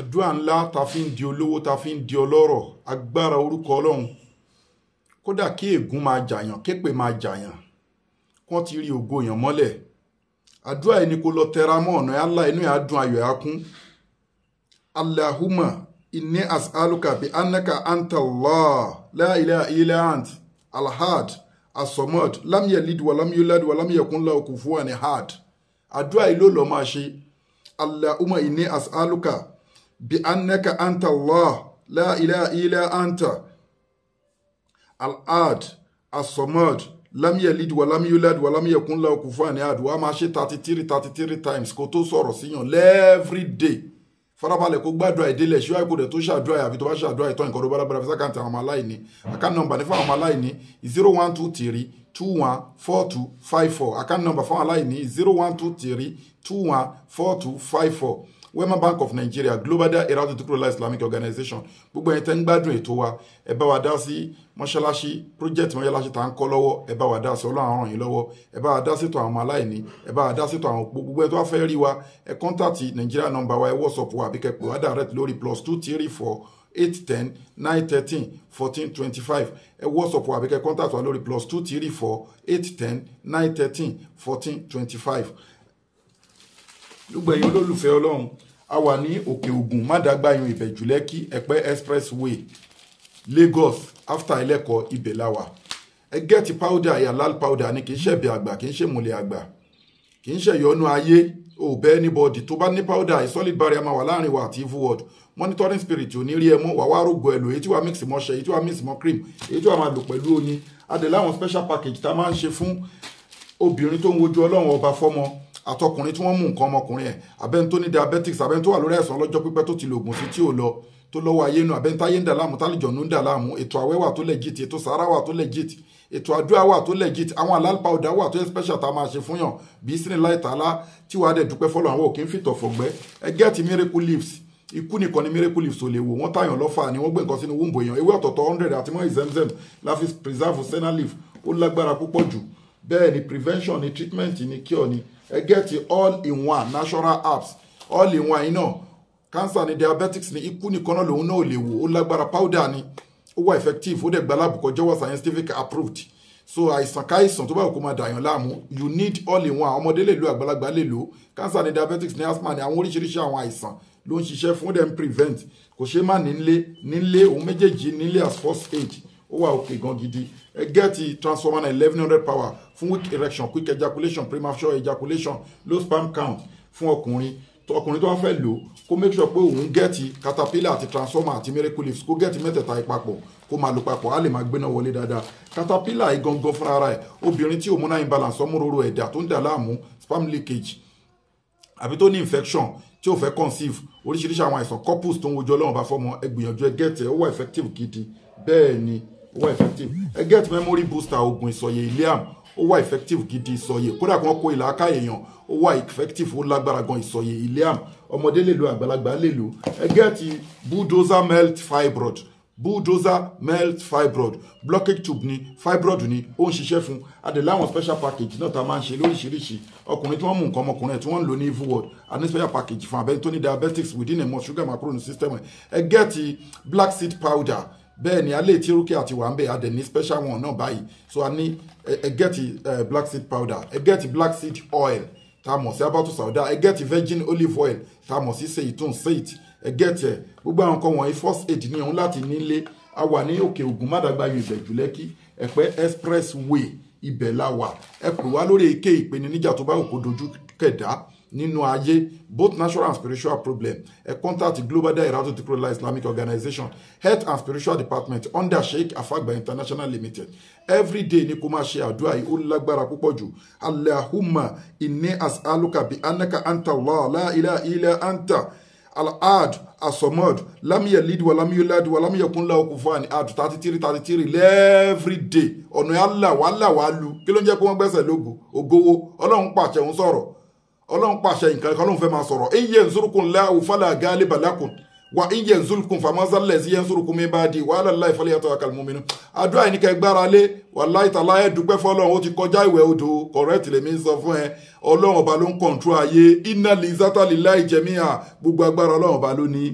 àdúrà ńlá ta fi ń di olówó ta fi ń di ọlọ́rọ̀ agbára orúkọ ọlọ́run kódà kí ègún máa jàyàn képè máa jàyàn kán ti rí ògo èèyàn mọ́lẹ̀ àdúrà ẹni kó lọ tẹra mọ́ ọ̀nà yálà inú yà á dùn ayọ̀ yà á kún allahumma inni as'aluka bi anaka anta allah la ilaha illa ant alhad asomod lam yalid wa lam yulad wa lam yakun lahu kufuwan ahad àdúrà yìí ló lọ máa ṣe allahumma inni as'aluka بأنك أنت الله لا إله ilaha أنت anta الصمد ahad as-samad lam yalid wa lam yulad wa lam yakun lahu kufuwan ahad wa máa ṣe thirty three thirty three times kó tó sọ̀rọ̀ day farabalẹ̀ kó gbàdúrà ìdílé ṣíwá ipò rẹ̀ tó ṣàdúrà àbí tó bá ṣàdúrà ìtọ́ nǹkan tó bá dábàrà fisa kàǹtì àwọn ọmọ aláìní àkáǹtì nọmbà ní fún àwọn ọmọ aláìní zero one two three two one four two five four àkáǹtì nọmbà fún aláìní zero one two three two one four two five four. Wema Bank of Nigeria Global Dahiratu Dhikrlahi Islamic Organization gbogbo ẹ̀yin tẹ́ ń gbádùn ètò wa ẹ bá wa dá sí mọ́ṣáláṣí project mọ́ṣáláṣí tá à ń kọ́ lọ́wọ́ ẹ bá wa dá sí ọlọ́run ràn yín lọ́wọ́ ẹ bá wa dá sétò àwọn aláìní ẹ bá wa dá sétò àwọn gbogbo ẹ tó wá fẹ́ rí wa ẹ kọ́ńtàtì Nigeria number wa ẹ WhatsApp wa àbíkẹ́ pè wá direct lórí plus two three four eight ten nine thirteen fourteen twenty five ẹ WhatsApp àbíkẹ́ contact wa lórí plus two three four eight ten nine thirteen fourteen twenty five gbogbo ẹ̀yin olólùfẹ́ ọlọ́run a wà ní òkè ògùn mádàgbàyàn ìbẹ̀jùlẹ́kì ẹ̀pẹ́ expressway lagos after ẹlẹ́kọ̀ọ́ ibẹ̀ la wà ẹ gẹ́ẹ̀tì powder yàlá powder ni kì í ṣẹ̀bẹ̀ àgbà kì í ṣèmùlẹ̀ àgbà kì í ṣẹ̀yọ́nú ayé ò bẹ́ anybody tó bá ní powder yìí solid barrier máa wà láàrin wa àti evil world monitoring spirit ò ní rí ẹ mọ́ wà wá rògbò ẹ̀lò èyí tí wàá mix mọ́ èyí tí wàá mix mọ́ cream èyí tí wàá máa lò pẹ̀lú oyin adẹ̀ láwọn special package tá a máa ń ṣe fún obìnrin tó ń wojú ọlọ́run ọba fọ́mọ àtọkùnrin tí wọ́n mú nǹkan ọmọkùnrin ẹ̀ abẹ́ni tó ní diabetics abẹ́ni tó wà lórí àìsàn ọlọ́jọ́ pípẹ́ tó ti lo oògùn sí tí ò lọ tó lọ́wọ́ ayé nu abẹ́ni táyé ń dà láàmú tálíjọ̀nù ń dà láàmú ètò àwẹ̀ wà tó legit ètò sàárà wà tó legit ètò àdúrà wà tó legit àwọn àlálùpà ọ̀dà wà tó yẹ special tá a máa ṣe fún yàn bíi sínú láì tààlà tí wàá dẹ̀ dúpẹ́ fọlọ́ àwọn òkè ń fìtọ̀ fọ̀gbẹ́ ẹ gẹ́ẹ̀tì miracle leaves ikú nìkan ni miracle leaves ò lè wò wọ́n tààyàn lọ́fà ni wọ́n gbé nǹkan sínú wúńbò èèyàn ewé ọ̀tọ̀ọ̀tọ̀ hundred àti mọ́ ìzẹ́mzẹ́m láfi preserve senna leaf ó lágbára púpọ̀ jù bẹ́ẹ̀ ni prevention ni treatment ni cure ni ẹ get all in one natural apps all in one iná cancer ni diabetics ni ikú nìkan náà lòun náà ò lè wò ó lágbára powder ni ó wà effective ó dẹ̀ gba láàbù kọjọ́ scientific approved so àìsàn káìsàn tó bá kó máa dàyàn láàmú you need all in one ọmọdé lè lo àgbàlagbà lè lo cancer ni diabetics ni asthma ni àwọn oríṣiríṣi àwọn àìsàn ló ń ṣiṣẹ́ fún dem prevent kò ṣe má nílé nílé òun méjèèjì nílé as first aid ó wà òkè gan gidi ẹ gẹ́ẹ̀tì transformer na eleven hundred power fún weak erection quick ejaculation premature ejaculation low sperm count fún ọkùnrin ọkùnrin tó wá fẹ́ lò kó make sure pé òun gẹ́ẹ̀tì caterpillar àti transformer àti miracle leaves kó gẹ́ẹ̀tì mẹ́tẹ̀ẹ̀ta ìpapọ̀ kó máa lò papọ̀ á lè máa gbéná wọlé dáadáa caterpillar yìí gangan fúnra rẹ̀ obìnrin tí hormonal imbalance ọmúrorò ẹ̀dà tó ń dà láàmú sperm leakage àbí tó ní infection tí ò fẹ́ conceive oríṣiríṣi àwọn àìsàn couples tó ń wojú ọlọ́run bá fọ́mọ ẹ gbìyànjú ẹ gẹ́ẹ̀tì ẹ ó wà effective gidi bẹ́ẹ̀ ni ó effective ẹ get memory booster oògùn ìsọyẹ iliam ó wà effective gidi ìsọyẹ kódà kan kó ìlàkà èèyàn ó wà effective ó lágbára gan ìsọyẹ iliam ọmọdé lè lo àgbàlagbà lè lo ẹ get bulldozer melt fibroid bulldozer melt fibroid blockage tube ni fibroid ni ó ń ṣiṣẹ́ fún adèlè àwọn special package náà tá a máa ń ṣe lóríṣiríṣi ọkùnrin tí wọ́n mú nǹkan ọmọkùnrin ẹ̀ tí wọ́n ń lò ní evil world a ní special package fún abẹ́ni tó ní diabetics within a month sugar macron system ẹ̀ ẹ̀ gẹ́ẹ̀tì black seed powder bẹ́ẹ̀ ni alẹ́ tí rúkẹ́ àti wà ń bẹ̀ adẹ̀ ní special one náà báyìí so a ní ẹ black seed powder ẹ black seed oil tá a mọ̀ sí abatu sauda ẹ virgin olive oil tá a mọ̀ sí seitun seit ẹ get gbogbo àwọn nǹkan wọ̀nyí first aid ní òun láti nílé a wà ní òkè ògùn mádàgbà yóò ìbẹ̀jú lẹ́kí ẹ̀pẹ́ express way ibẹ̀ la wà ẹ pè lórí èké ìpèníjà tó bá òkò dojú kẹ̀dá nínú ayé both natural and spiritual problem ẹ contact global dahiratu dhikrlahi islamic organization health and spiritual department under sheikh afagba international limited every day ni kó máa ṣe àdúrà yìí ó lágbára púpọ̀ jù allahumma inni as'aluka bi annaka anta allah la ilaha anta al-ahad asomod lamiya lidwa wa lamiya lad wa lamiya kunla okufani ad thirty three thirty three every day ọ̀nà yà là wà là wà lu kí ló ń jẹ́ kó wọ́n gbẹ́sẹ̀ lógo ògowó ọlọ́run pàṣẹ ń sọ̀rọ̀ ọlọ́run pàṣẹ nǹkan kan ló ń fẹ́ máa sọ̀rọ̀ in yansurkum Allahu fala ghaliba lakum wa in yansurkum famazal lazi yansurkum min ba'di wa ala Allahi falyatawakkal mu'minun. àdúrà yìí ni kẹ́ gbára lé wallahi ta'ala ẹ dúpẹ́ fọlọ́run ó ti kọjá ìwẹ̀ odò correct lèmi ń sọ fún ẹ ọlọ́run ọba ló ń kọ̀ǹtú ayé inna l-izzata lillahi jami'a gbogbo agbára ọlọ́run ọba ló ní.